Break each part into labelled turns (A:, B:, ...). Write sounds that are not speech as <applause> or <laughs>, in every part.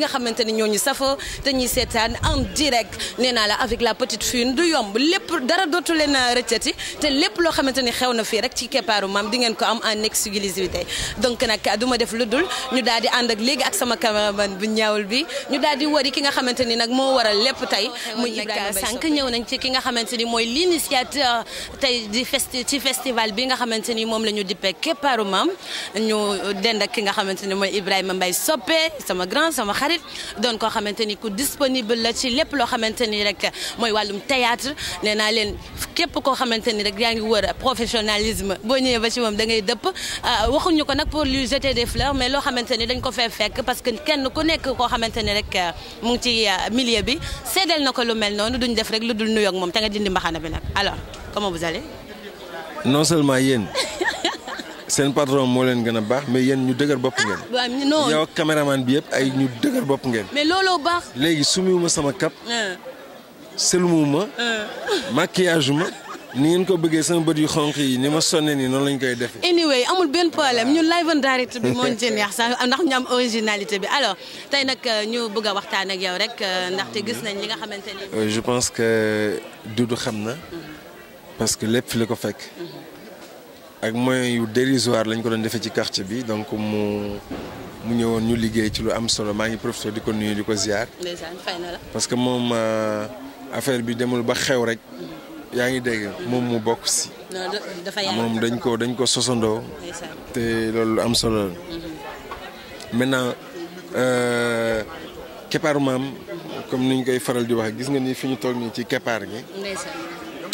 A: ñi nga xamante ni ñoo ñooñu safa te ñuy seetaan en direct nee naa la avec la petite fune du yomb lépp dara dootu leen rëccati te lépp loo xamante ni xew na fii rek ci keppaaru maam di ngeen ko am en exclusivité donc nag du ma def lu dul ñu daal di ànd ak léegi ak sama cameraman bu ñaawul bi ñu daal di wari ki nga xamante ni nag moo waral lépp tey mu Ibrahima sànq ñëw nañ ci ki nga xamante ni mooy l'initiateur tey di festi ci festival bi nga xamante ni moom la ñu dippee keppaaru maam ñu dend ak ki nga xamante ni mooy Ibrahima Mbaye Soppe sama grand sama xarit xarit doon koo xamante ku disponible la ci lepp lo xamanteni rek moy walum théâtre nee naa képp ko xamanteni rek yaangi wër professionnalisme bo ñëwee ba ci mom da ngay dëpp euh, ñu ko nak pour lui jeter des fleurs mais lo xamanteni dañ ko fee fekk parce que kenn ku nekk ko xamanteni rek euh, mu ngi ci euh, milieu bi sédel nako lu mel nonu duñ def rek lu dul nuyoo ak mom ta nga dindi mbaxana bi nak alors comment vous allez
B: non seulement yéen seen patron mo len gëna bax mais yeen ñu dëgër bop ngeen.
A: ah non yow
B: caméraman bi yëpp ay ñu dëgër bop ngeen. mais looloo baax. léegi sumiwuma sama cap. Ah. sëlmuwuma. Ah. maquillage ma. ni ngeen ko bëggee sama bët yu xonq yi ni ma sonne ni noonu lañ koy defee.
A: anyway amul benn problème ñun live and direct bi moo ñu <laughs> ci neex sax ndax ñu am originalité bi alors tay nag euh, ñu bëgg a waxtaan ak yow rek euh, ndaxte gis nañ li nga xamante ni.
B: Euh, je pense que Doudou xam na. Mm-hmm. parce que lépp fi la ko fekk. Mm-hmm. ak moyens yu dérisoire lañ ko doon defee ci quartier bi donc mu mu ñëwoon ñu liggéey ci lu am solo maa ngi profité di ko nuyu di ko ziar. parce que moom euh, affaire bi demul ba xew rek. yaa ngi dégg moom mu bokk si. moom dañ ko dañ ko sosandoo. te loolu lu am solo la. Mm-hmm. maintenant euh, keppaaru maam comme ni ñu koy faral di waxee gis nga nii fi ñu toog nii ci keppaar gi.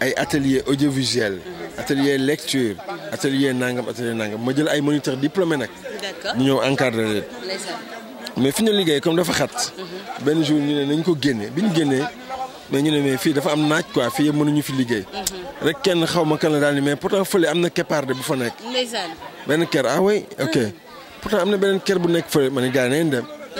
B: ay atelier audiovisuel atelier lecture atelier nangam atelier nangam ma jël ay moniteur diplômé nak ñu encadrer. mais fi ñu liggéey comme dafa xat jour ñu nañ ko mais ñu né mais fi dafa am naaj quoi mënu ñu fi liggéey rek kenn kan la mais pourtant feulé amna bu fa nek ben ah ok ah. pourtant bu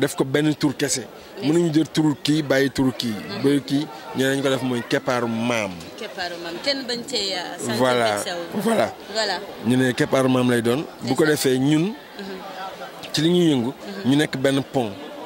B: def ko benn tour kese nañu jël tur kii bàyyi tur kii mm-hmm. bàyyi kii ñu nañ ko def mooy keppaaru maam.
A: Euh, voilà voilà
B: ñu ne keppaaru maam lay doon. bu ko defee ñun. Mm-hmm. ci li ñuy yëngu. Mm-hmm. ñu nekk benn pont.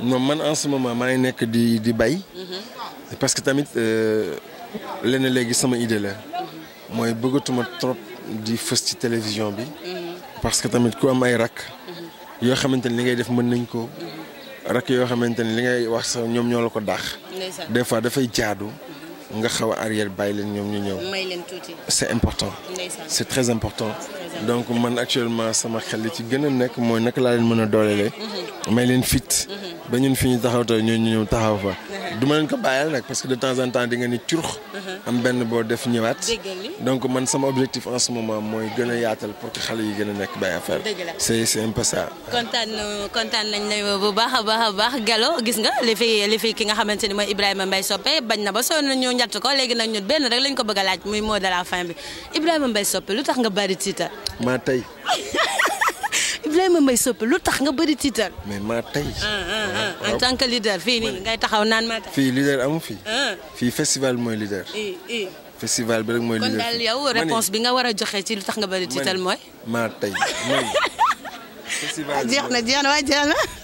B: non man en ce moment maa ngi nekk di di bay mhm. parce que tamit euh, lenn léegi sama idée la moy bëggatuma trop di feust ci télévision bi mhm. parce que tamit ku am ay rak mhm. yoo xamante ni li ngay def mën nañ ko rak yo xamanteni li ngay wax sax ñoom ñoo la ko daax des fois fay jaadu nga xaw arrière bay leen ñom ñu ñew may c'est important c'est très important donc man actuellement sama xel ci gëna nek moy mooy la laa leen mën a doolelee may leen fit ba ñun fi ñu taxaw tey ñoo ñu taxaw fa. du ma leen ko bàyyal nag parce que de temps en temps di nga ni curux. am benn boo def ñëwaat. donc man sama objectif en ce moment mooy gën a yaatal pour que xale yi gën a nekk bay affaire. dëgg la c'est c'est un peu ça.
A: kontaan kontaan nañ la bu baax a baax a baax Gallo gis nga li fi li fi ki nga xamante ni mooy Ibrahima Mbaye Sopé bañ na ba soo ñu ñett ko léegi nag ñun benn rek lañ ko bëgg a laaj muy mot de la fin bi Ibrahima Mbaye Sopé lu tax nga bari tiita.
B: ma tey. <laughs>
A: ma may sëpp lu tax nga bëri tiital.
B: mais maa tey. Ah, ah, ah, en tant
A: que leader fii ngay taxaw naan ma tey. fii
B: leader amu fi. fii festival mooy leader. festival bi mooy. leader kon daal yow réponse
A: bi nga war a joxe ci lu tax nga bëri tiital mooy.
B: ma tey <laughs> mooy. festival jeex
A: na jeex